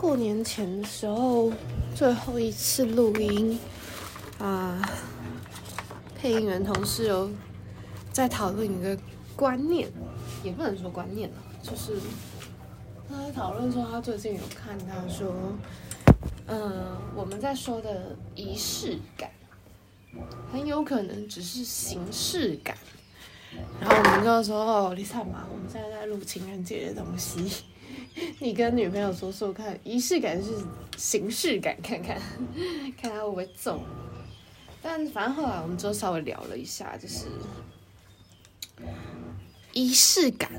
過年前的時候，最後一次錄音啊、呃，配音員同事有在討論一個觀念，也不能說觀念了，就是他在討論說他最近有看到說，嗯、呃，我們在說的儀式感，很有可能只是形式感，然後我們就說哦，你太忙，我們現在在錄情人節的東西。你跟女朋友說說看，儀式感是形式感，看看看他會不會揍。但反正後來我們就稍微聊了一下，就是儀式感，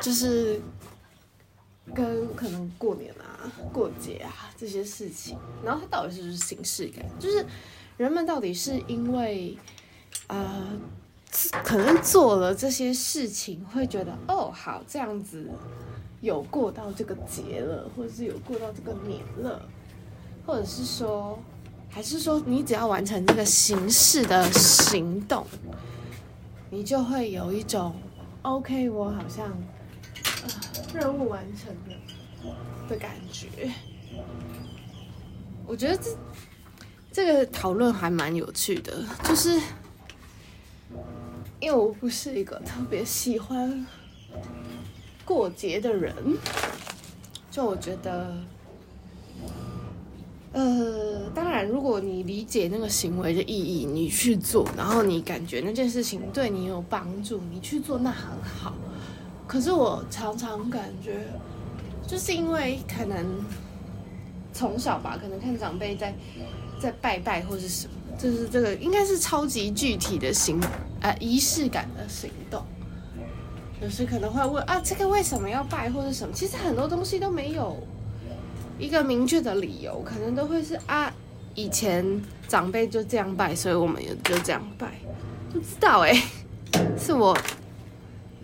就是跟可能過年啊、過節啊這些事情，然後它到底是不是形式感？就是人們到底是因為啊？呃可能做了這些事情，會覺得哦，好，這樣子有過到這個節了，或者是有過到這個年了，或者是說，還是說你只要完成這個形式的行動，你就會有一種 OK，我好像、呃、任務完成了的感覺。我覺得這這個討論還蠻有趣的，就是。因為我不是一個特別喜歡過節的人，就我覺得，呃，當然，如果你理解那個行為的意義，你去做，然後你感覺那件事情對你有幫助，你去做那很好。可是我常常感覺，就是因為可能從小吧，可能看長輩在在拜拜或是什麼，就是這個應該是超級具體的行為。啊，儀式感的行動，有時可能會問啊，這個為什麼要拜或者什麼？其實很多東西都沒有一個明確的理由，可能都會是啊，以前長輩就這樣拜，所以我們也就這樣拜。不知道哎，是我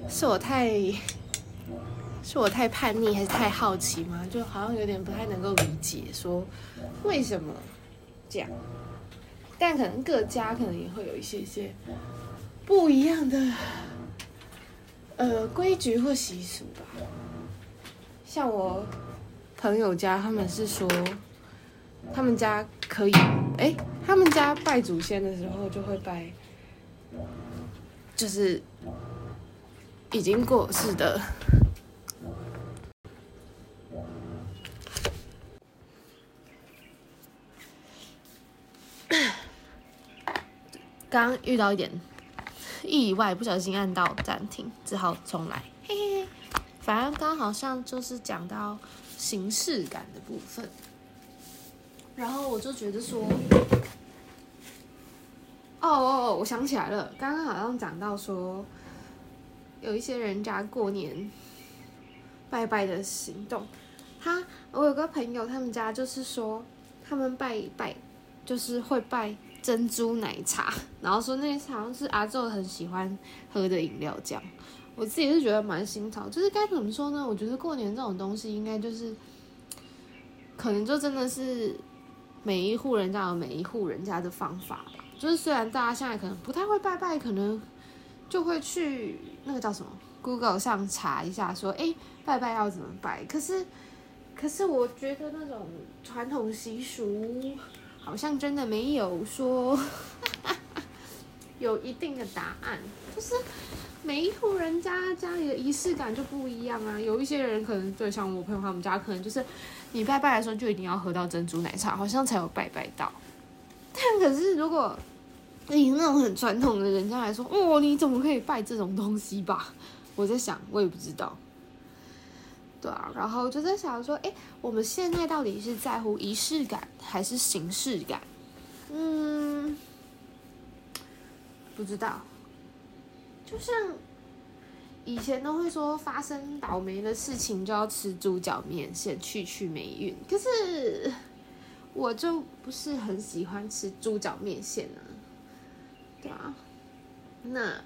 是我太是我太叛逆還是太好奇嗎？就好像有點不太能夠理解說為什麼這樣，但可能各家可能也會有一些些。不一樣的呃規矩或習俗吧，像我朋友家，他們是說他們家可以，哎，他們家拜祖先的時候就會拜，就是已經過世的。剛遇到一點。意外不小心按到暫停，只好重來。嘿嘿嘿，反正剛剛好像就是講到形式感的部分，然後我就覺得說，哦哦哦，我想起來了，剛剛好像講到說有一些人家過年拜拜的行動，他，我有個朋友，他們家就是說他們拜一拜就是會拜。珍珠奶茶，然後說那茶好像是阿晝很喜歡喝的飲料。這樣，我自己是覺得蠻新潮。就是該怎麼說呢？我覺得過年這種東西，應該就是，可能就真的是每一戶人家有每一戶人家的方法吧。就是雖然大家現在可能不太會拜拜，可能就會去那個叫什麼 Google 上查一下說，說誒拜拜要怎麼拜。可是，可是我覺得那種傳統習俗。好像真的沒有說， 有一定的答案，就是每一戶人家家裡的儀式感就不一樣啊。有一些人可能，就像我朋友他們家，可能就是你拜拜的時候就一定要喝到珍珠奶茶，好像才有拜拜到。但可是，如果你那種很傳統的人家來說，哦，你怎麼可以拜這種東西吧？我在想，我也不知道。對啊，然後就在想說，哎，我們現在到底是在乎儀式感還是形式感？嗯，不知道。就像以前都會說，發生倒霉的事情就要吃豬腳麵線去去霉運。可是我就不是很喜歡吃豬腳麵線呢、啊。對啊，那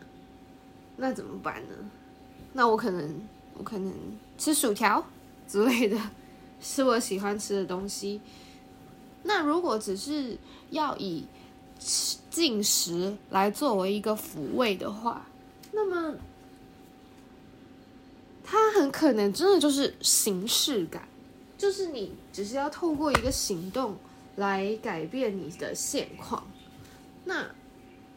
那怎麼辦呢？那我可能，我可能。吃薯條之類的，是我喜歡吃的東西。那如果只是要以進食來作為一個撫慰的話，那麼它很可能真的就是形式感，就是你只是要透過一個行動來改變你的現況。那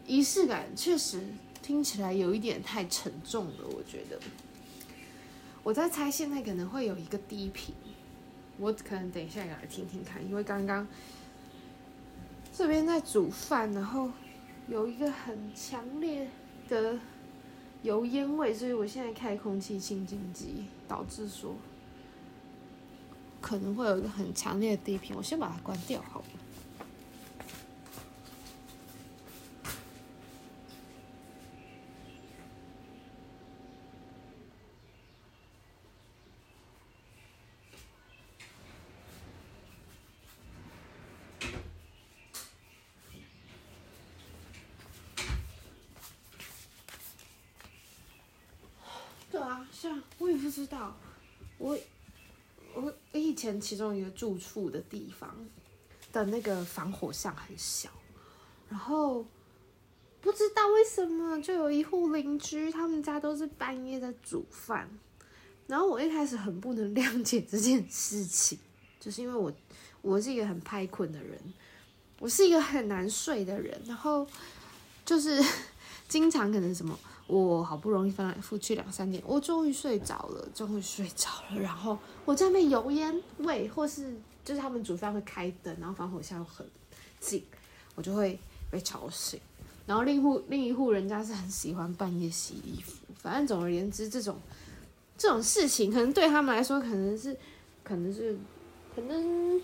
儀式感確實聽起來有一點太沉重了，我覺得。我在猜現在可能會有一個低頻，我可能等一下也來聽聽看，因為剛剛這邊在煮飯，然後有一個很強烈的油煙味，所以我現在開空氣清淨機，導致說可能會有一個很強烈的低頻，我先把它關掉好了。前其中一個住處的地方的那個防火巷很小，然後不知道為什麼就有一戶鄰居，他們家都是半夜在煮飯。然後我一開始很不能諒解這件事情，就是因為我我是一個很怕困的人，我是一個很難睡的人，然後就是經常可能什麼。我好不容易翻來覆去兩三點，我終於睡着了，終於睡着了。然後我在那邊油煙味，或是就是他們煮飯會開燈，然後防火巷很近，我就會被吵醒。然後另一戶另一戶人家是很喜歡半夜洗衣服，反正總而言之，這種這種事情可能對他們來說，可能是可能是可能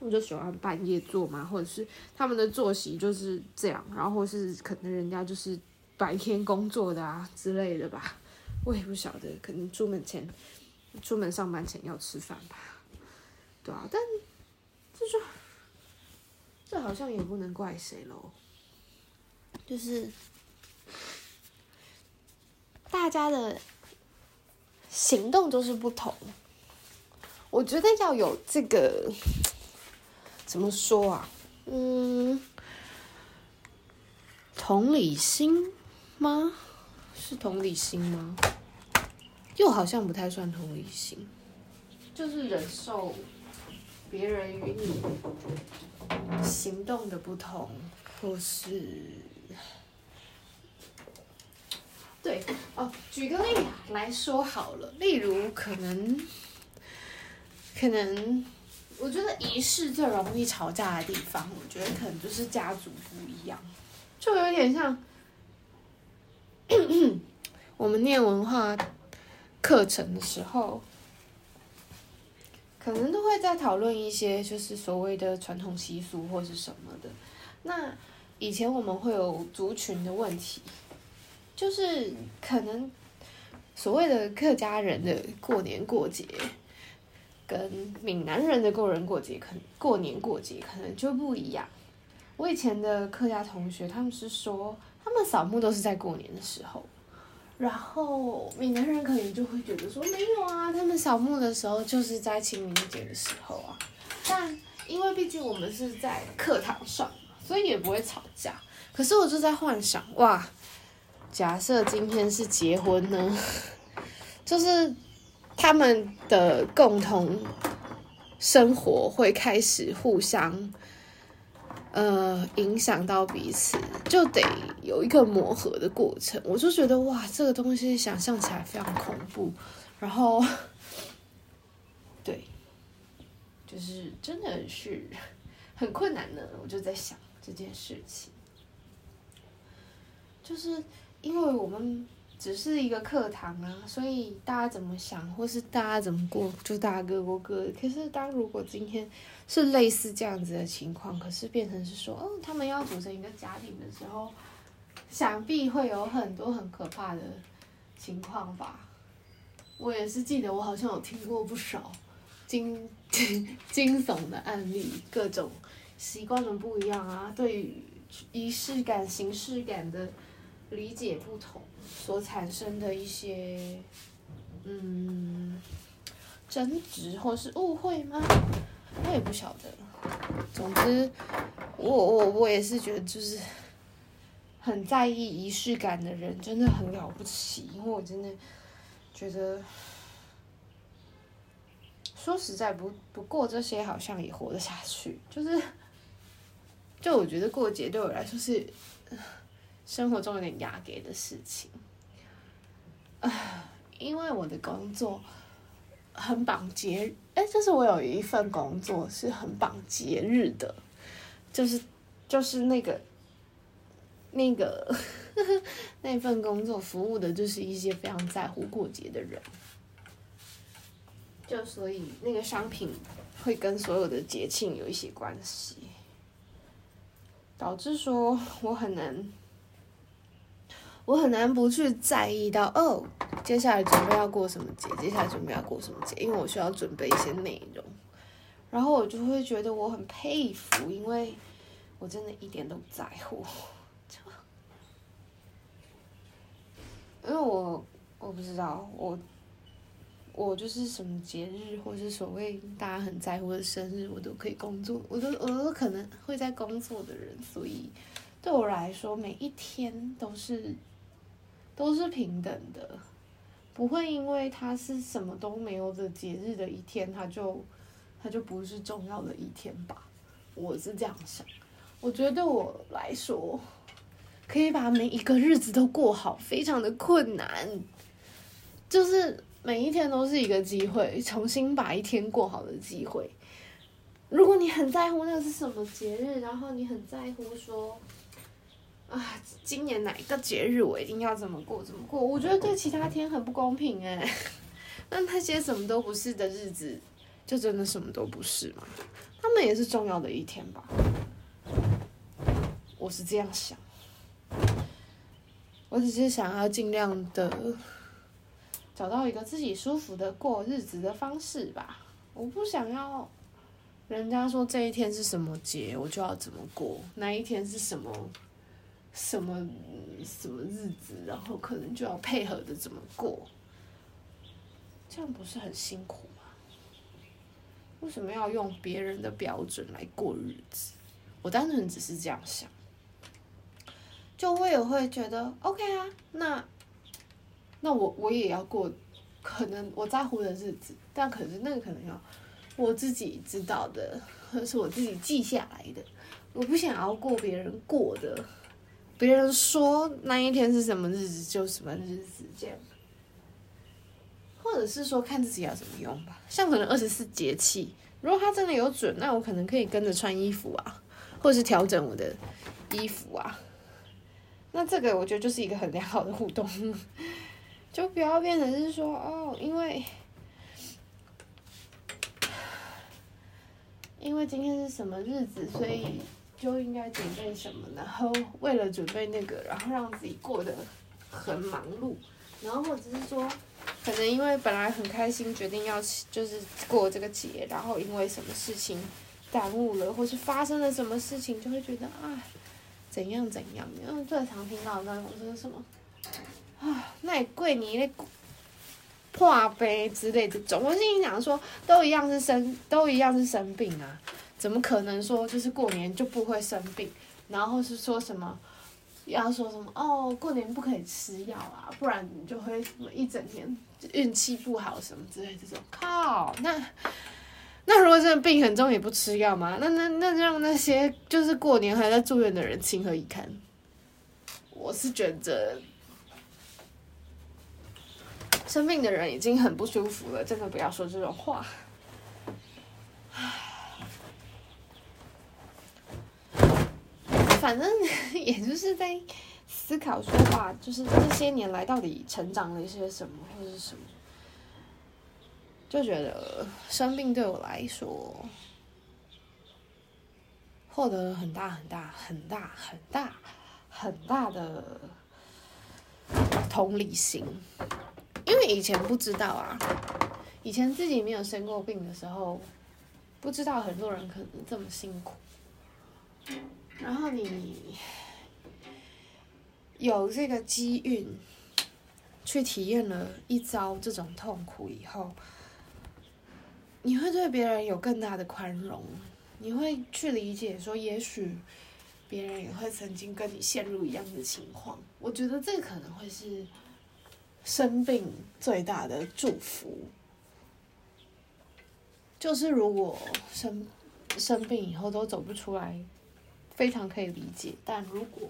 他們就喜歡半夜做嘛，或者是他們的作息就是這樣，然後或是可能人家就是。白天工作的啊之類的吧，我也不曉得，可能出門前，出門上班前要吃飯吧，對啊，但就是這好像也不能怪誰嘍，就是大家的行動都是不同，我覺得要有這個怎麼說啊？嗯，嗯，同理心。嗎？是同理心嗎？又好像不太算同理心，就是忍受別人與你行動的不同，或是對哦，舉個例來說好了，例如可能可能，我覺得儀式最容易吵架的地方，我覺得可能就是家族不一樣，就有點像。 我們念文化課程的時候，可能都會在討論一些就是所謂的傳統習俗或是什麼的。那以前我們會有族群的問題，就是可能所謂的客家人的過年過節，跟閩南人的過人過節，可過年過節可能就不一樣。我以前的客家同學，他們是說。他們掃墓都是在過年的時候，然後閩南人可能就會覺得說沒有啊，他們掃墓的時候就是在清明節的時候啊。但因為畢竟我們是在課堂上，所以也不會吵架。可是我就在幻想哇，假設今天是結婚呢，就是他們的共同生活會開始互相。呃，影響到彼此，就得有一個磨合的過程。我就覺得哇，這個東西想象起來非常恐怖。然後，對，就是真的是很困難呢。我就在想這件事情，就是因為我們。只是一個課堂啊，所以大家怎麼想，或是大家怎麼過，就大家各過各的。可是，當如果今天是類似這樣子的情況，可是變成是說，哦，他們要組成一個家庭的時候，想必會有很多很可怕的情況吧。我也是記得，我好像有聽過不少驚驚悚的案例，各種習慣的不一樣啊，對於儀式感、形式感的理解不同。所產生的一些，嗯，爭執或是誤會嗎？我也不曉得。總之，我我我也是覺得，就是很在意儀式感的人真的很了不起，因為我真的覺得，說實在不不過這些好像也活得下去，就是，就我覺得過節對我來說是。生活中有點壓抑的事情，啊、呃，因為我的工作很綁節，哎、欸，就是我有一份工作是很綁節日的，就是就是那個那個呵呵那份工作服務的，就是一些非常在乎過節的人，就所以那個商品會跟所有的節慶有一些關係，導致說我很難。我很難不去在意到哦，接下來準備要過什麼節，接下來準備要過什麼節，因為我需要準備一些內容，然後我就會覺得我很佩服，因為我真的一點都不在乎，就因為我我不知道我我就是什麼節日或是所謂大家很在乎的生日，我都可以工作，我都我都可能會在工作的人，所以對我來說每一天都是。都是平等的，不會因為它是什麼都沒有的節日的一天，它就它就不是重要的一天吧？我是這樣想。我覺得對我來說，可以把每一個日子都過好，非常的困難。就是每一天都是一個機會，重新把一天過好的機會。如果你很在乎那個是什麼節日，然後你很在乎說。啊，今年哪一個節日我一定要怎麼過怎麼過？我覺得對其他天很不公平哎。那 那些什麼都不是的日子，就真的什麼都不是嗎？他們也是重要的一天吧？我是這樣想。我只是想要盡量的找到一個自己舒服的過日子的方式吧。我不想要人家說這一天是什麼節，我就要怎麼過。那一天是什麼？什麼什麼日子，然後可能就要配合著怎麼過，這樣不是很辛苦嗎？為什麼要用別人的標準來過日子？我單純只是這樣想，就會我也會覺得 OK 啊。那那我我也要過，可能我在乎的日子，但可是那個可能要我自己知道的，或是我自己記下來的，我不想要過別人過的。別人說那一天是什麼日子，就什麼日子這樣，或者是說看自己要怎麼用吧。像可能二十四節氣，如果它真的有準，那我可能可以跟着穿衣服啊，或者是調整我的衣服啊。那這個我覺得就是一個很良好的互動， 就不要變成是說哦，因為因為今天是什麼日子，所以。就應該準備什麼，然後為了準備那個，然後讓自己過得很忙碌，然後或者是說，可能因為本來很開心，決定要就是過這個節，然後因為什麼事情耽誤了，或是發生了什麼事情，就會覺得啊，怎樣怎樣。因為最常聽到的那種是什麼啊，那也貴你那破杯之類的，總是跟你講說，都一樣是生，都一樣是生病啊。怎麼可能說就是過年就不會生病？然後是說什麼，要說什麼哦，過年不可以吃藥啊，不然你就會什麼一整天運氣不好什麼之類的這種。靠，那那如果真的病很重也不吃藥嗎？那那那就讓那些就是過年還在住院的人情何以堪？我是覺得生病的人已經很不舒服了，真的不要說這種話。反正也就是在思考說話，就是這些年來到底成長了一些什麼或者什麼，就覺得生病對我來說獲得很大很大很大很大很大的同理心，因為以前不知道啊，以前自己沒有生過病的時候，不知道很多人可能這麼辛苦。然後你有這個機運，去體驗了一遭這種痛苦以後，你會對別人有更大的寬容，你會去理解說，也許別人也會曾經跟你陷入一樣的情況。我覺得這可能會是生病最大的祝福，就是如果生生病以後都走不出來。非常可以理解，但如果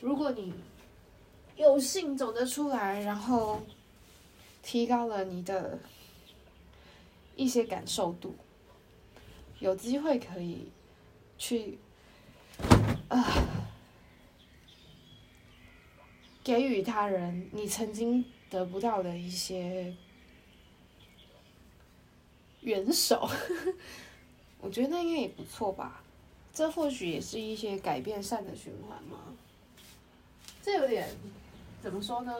如果你有幸走得出來，然後提高了你的一些感受度，有機會可以去啊、呃，給予他人你曾經得不到的一些援手。我覺得那應該也不錯吧，這或許也是一些改變善的循環嘛。這有點怎麼說呢？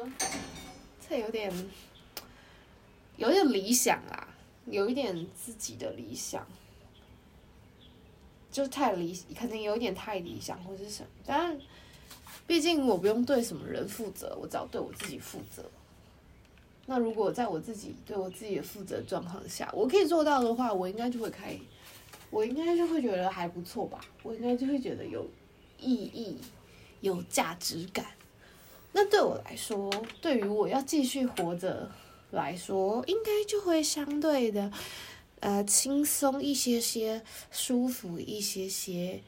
這有點有點理想啦，有一點自己的理想，就太理，可能有一點太理想或是什麼。但畢竟我不用對什麼人負責，我只要對我自己負責。那如果在我自己對我自己的負責狀況下，我可以做到的話，我應該就會開。我應該就會覺得還不錯吧，我應該就會覺得有意義、有價值感。那對我來說，對於我要繼續活着來說，應該就會相對的，呃，輕鬆一些些，舒服一些些，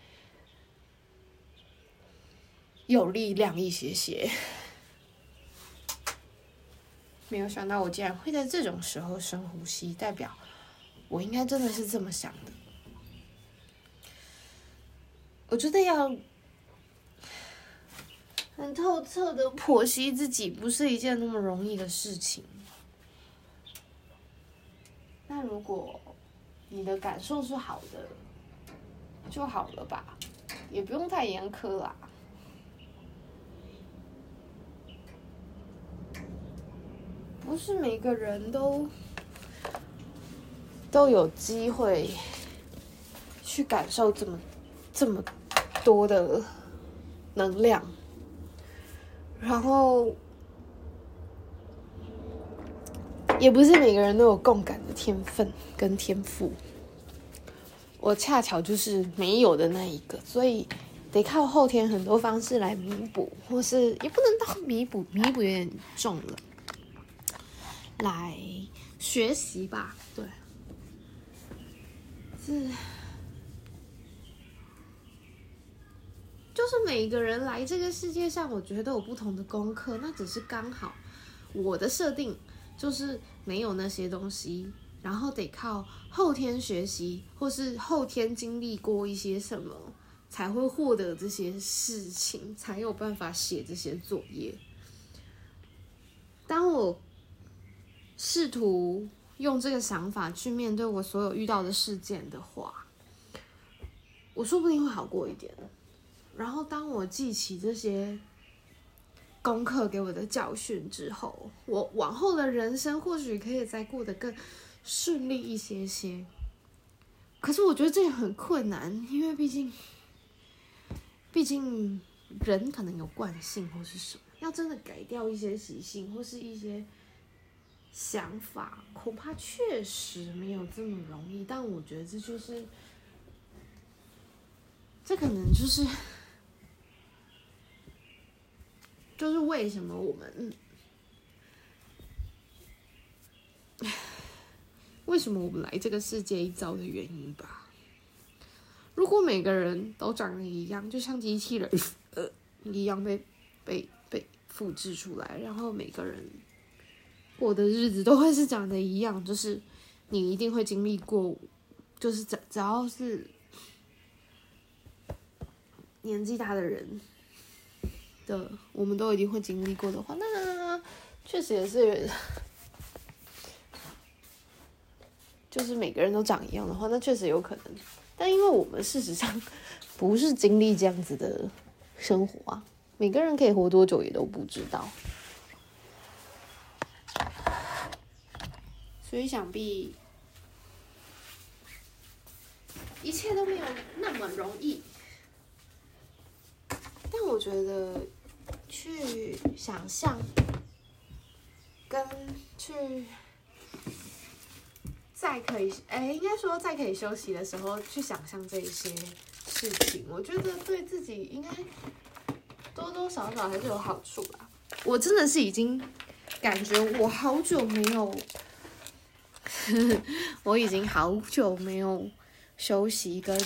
有力量一些些。沒有想到我竟然會在這種時候深呼吸，代表我應該真的是這麼想的。我覺得要很透徹的剖析自己，不是一件那麼容易的事情。那如果你的感受是好的，就好了吧，也不用太嚴苛啦、啊。不是每個人都都有機會去感受這麼這麼多的能量，然後也不是每個人都有共感的天分跟天賦，我恰巧就是沒有的那一個，所以得靠後天很多方式來彌補，或是也不能當彌補，彌補有點重了，來學習吧，對，是。就是每個人來這個世界上，我覺得有不同的功課，那只是剛好我的設定就是沒有那些東西，然後得靠後天學習，或是後天經歷過一些什麼，才會獲得這些事情，才有辦法寫這些作業。當我試圖用這個想法去面對我所有遇到的事件的話，我說不定會好過一點。然後，當我記起這些功課給我的教訓之後，我往後的人生或許可以再過得更順利一些些。可是，我覺得這也很困難，因為畢竟，畢竟人可能有慣性或是什麼，要真的改掉一些習性或是一些想法，恐怕確實沒有這麼容易。但我覺得這就是，這可能就是。就是為什麼我們，為什麼我們來這個世界一遭的原因吧？如果每個人都長得一樣，就像機器人呃一樣被被被複製出來，然後每個人過的日子都會是長得一樣，就是你一定會經歷過，就是只只要是年紀大的人。的，我們都一定會經歷過的話，那確實也是，就是每個人都長一樣的話，那確實有可能。但因為我們事實上不是經歷這樣子的生活啊，每個人可以活多久也都不知道，所以想必一切都沒有那麼容易。但我覺得。去想象，跟去再可以，哎、欸，應該說再可以休息的時候去想象這一些事情，我覺得對自己應該多多少少還是有好處吧。我真的是已經感覺我好久沒有， 我已經好久沒有休息，跟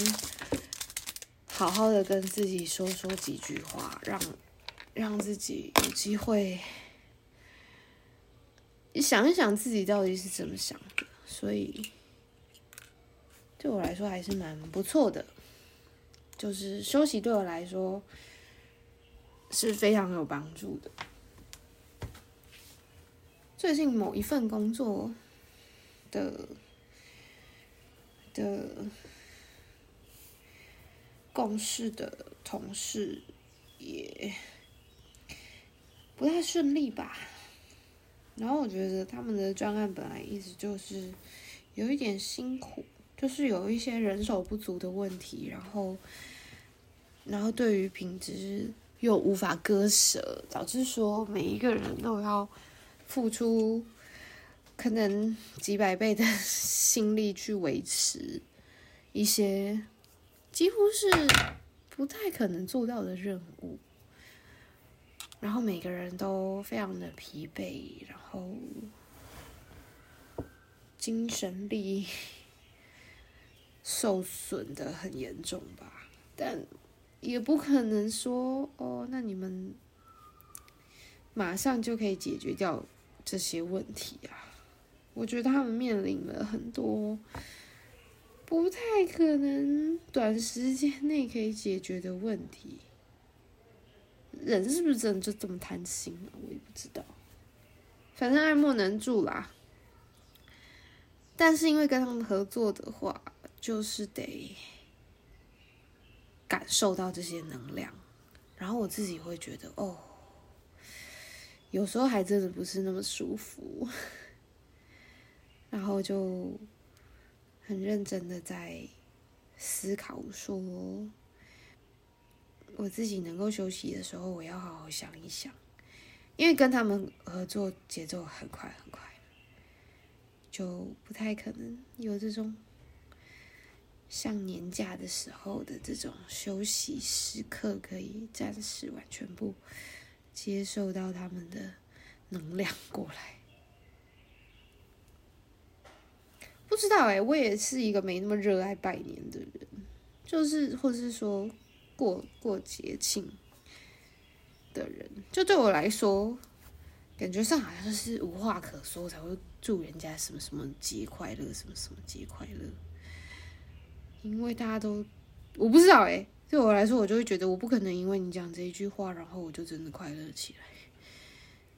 好好的跟自己說說幾句話，讓。讓自己有機會，你想一想自己到底是怎麼想的。所以，對我來說還是蠻不錯的，就是休息對我來說是非常有幫助的。最近某一份工作的的共事的同事也。不太順利吧，然後我覺得他們的專案本來一直就是有一點辛苦，就是有一些人手不足的問題，然後，然後對於品質又無法割捨，導致說每一個人都要付出可能幾百倍的心力去維持一些幾乎是不太可能做到的任務。然後每個人都非常的疲憊，然後精神力 受損的很嚴重吧？但也不可能說哦，那你們馬上就可以解決掉這些問題啊。我覺得他們面臨了很多不太可能短時間內可以解決的問題。人是不是真的就這麼貪心啊？我也不知道，反正愛莫能助啦。但是因為跟他們合作的話，就是得感受到這些能量，然後我自己會覺得，哦，有時候還真的不是那麼舒服， 然後就很認真的在思考說。我自己能夠休息的時候，我要好好想一想，因為跟他們合作節奏很快很快，就不太可能有這種像年假的時候的這種休息時刻，可以暫時完全不接受到他們的能量過來。不知道哎、欸，我也是一個沒那麼熱愛拜年的人，就是，或者是說。過過節慶的人，就對我來說，感覺上好像是無話可說，才會祝人家什麼什麼節快樂，什麼什麼節快樂。因為大家都，我不知道誒，對我來說，我就會覺得我不可能因為你講這一句話，然後我就真的快樂起來。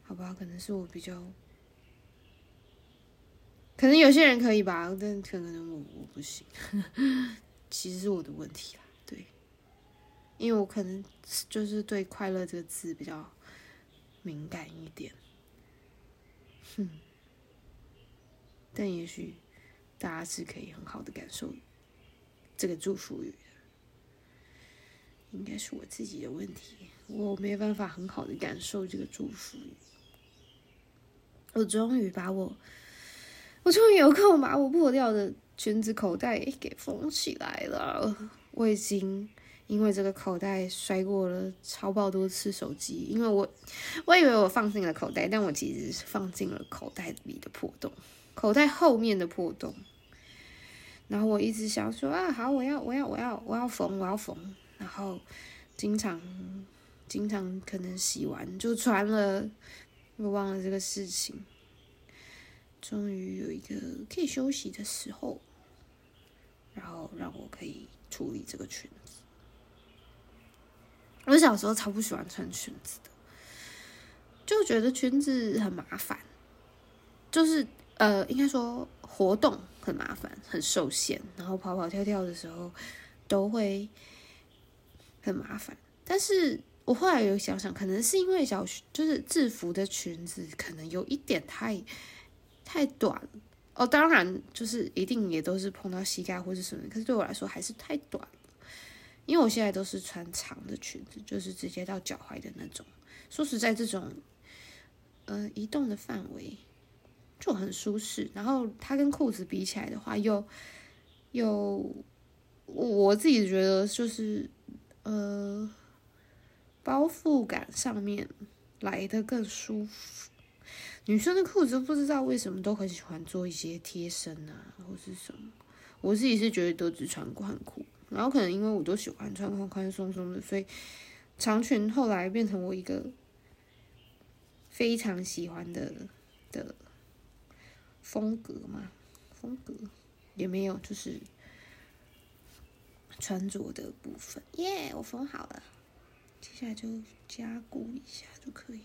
好吧，可能是我比較，可能有些人可以吧，但可能我我不行。 其實是我的問題啦。因為我可能就是對“快樂”這個字比較敏感一點，哼。但也許大家是可以很好的感受這個祝福語，應該是我自己的問題，我沒辦法很好的感受這個祝福語。我終於把我，我終於有空把我破掉的裙子口袋給封起來了。我已經。因為這個口袋摔過了超爆多次手機，因為我我以為我放進了口袋，但我其實是放進了口袋裡的破洞，口袋後面的破洞。然後我一直想說啊，好，我要我要我要我要縫，我要縫。然後經常經常可能洗完就穿了，又忘了這個事情。終於有一個可以休息的時候，然後讓我可以處理這個裙子。我小時候超不喜歡穿裙子的，就覺得裙子很麻煩，就是呃，應該說活動很麻煩，很受限，然後跑跑跳跳的時候都會很麻煩。但是我後來有想想，可能是因為小就是制服的裙子，可能有一點太太短哦。當然，就是一定也都是碰到膝蓋或是什麼，可是對我來說還是太短。因為我現在都是穿長的裙子，就是直接到腳踝的那種。說實在，這種，呃，移動的範圍就很舒適。然後它跟褲子比起來的話，又又我自己覺得就是，呃，包覆感上面來的更舒服。女生的褲子不知道為什麼都很喜歡做一些貼身啊，或是什麼。我自己是覺得都只穿寬褲。然後可能因為我都喜歡穿寬寬鬆松的，所以長裙後來變成我一個非常喜歡的的風格嘛。風格也沒有，就是穿着的部分。耶，yeah，我縫好了，接下來就加固一下就可以了。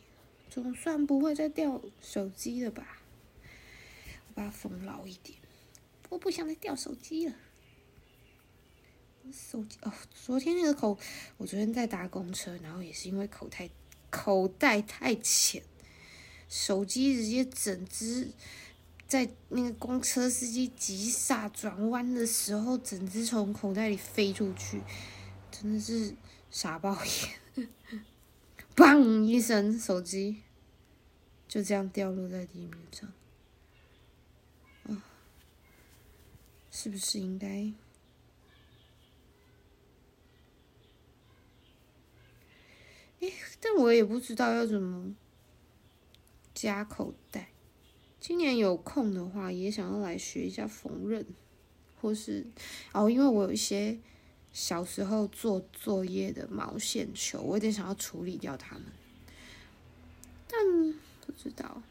總算不會再掉手機了吧？我把它縫牢一點，我不想再掉手機了。手機哦，昨天那個口，我昨天在搭公車，然後也是因為口袋口袋太淺，手機直接整只在那個公車司機急剎轉彎的時候，整只從口袋裡飛出去，真的是傻爆眼，砰 一聲，手機就這樣掉落在地面上。啊、哦，是不是應該？哎，但我也不知道要怎麼加口袋。今年有空的話，也想要來學一下縫紉，或是哦，因為我有一些小時候做作業的毛線球，我有點想要處理掉它們。但不知道，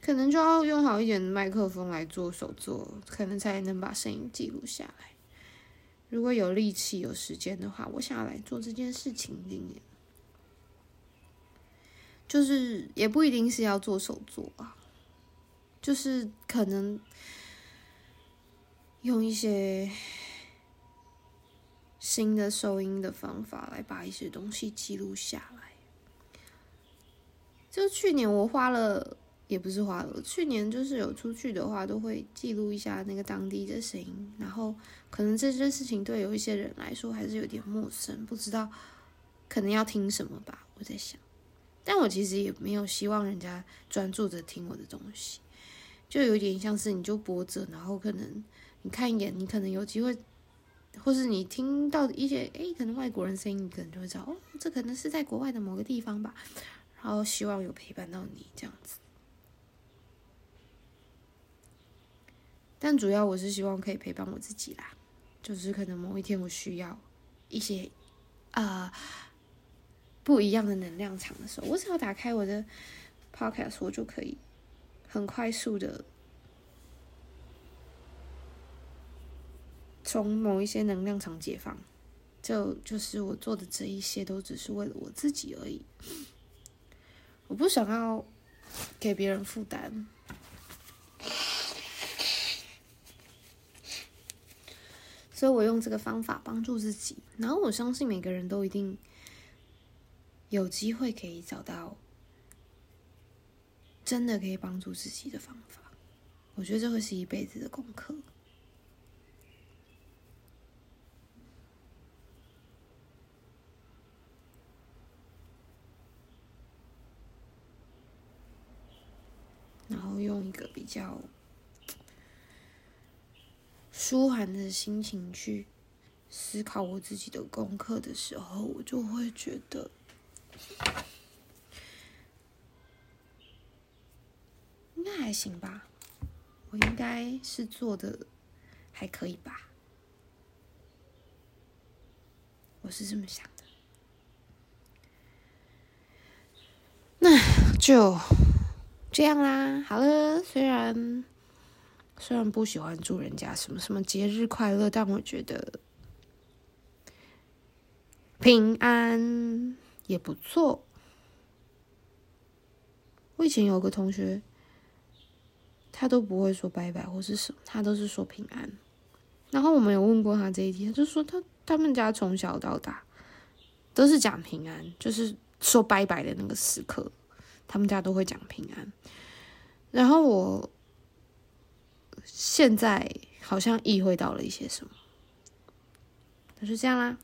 可能就要用好一點的麥克風來做手作，可能才能把聲音記錄下來。如果有力氣有時間的話，我想要來做這件事情。今年。就是也不一定是要做手作啊，就是可能用一些新的收音的方法來把一些東西記錄下來。就去年我花了，也不是花了，去年就是有出去的話都會記錄一下那個當地的聲音，然後可能這件事情對有一些人來說還是有點陌生，不知道可能要聽什麼吧，我在想。但我其實也沒有希望人家專注着聽我的東西，就有點像是你就播着，然後可能你看一眼，你可能有機會，或是你聽到一些，哎，可能外國人聲音，你可能就會知道，哦，這可能是在國外的某個地方吧，然後希望有陪伴到你，這樣子。但主要我是希望可以陪伴我自己啦，就是可能某一天我需要一些，呃。不一樣的能量場的時候，我只要打開我的 podcast，我就可以很快速的從某一些能量場解放。就就是我做的這一些，都只是為了我自己而已。我不想要給別人負擔，所以我用這個方法幫助自己。然後我相信每個人都一定。有機會可以找到真的可以幫助自己的方法，我覺得這會是一輩子的功課。然後用一個比較舒緩的心情去思考我自己的功課的時候，我就會覺得。應該還行吧，我應該是做的還可以吧，我是這麼想的。那就這樣啦。好了，雖然雖然不喜歡祝人家什麼什麼節日快樂，但我覺得平安。也不錯。我以前有個同學，他都不會說拜拜或是什麼，他都是說平安。然後我們有問過他，這一天，他就說他他們家從小到大都是講平安，就是說拜拜的那個時刻，他們家都會講平安。然後我現在好像意會到了一些什麼，那就這樣啦。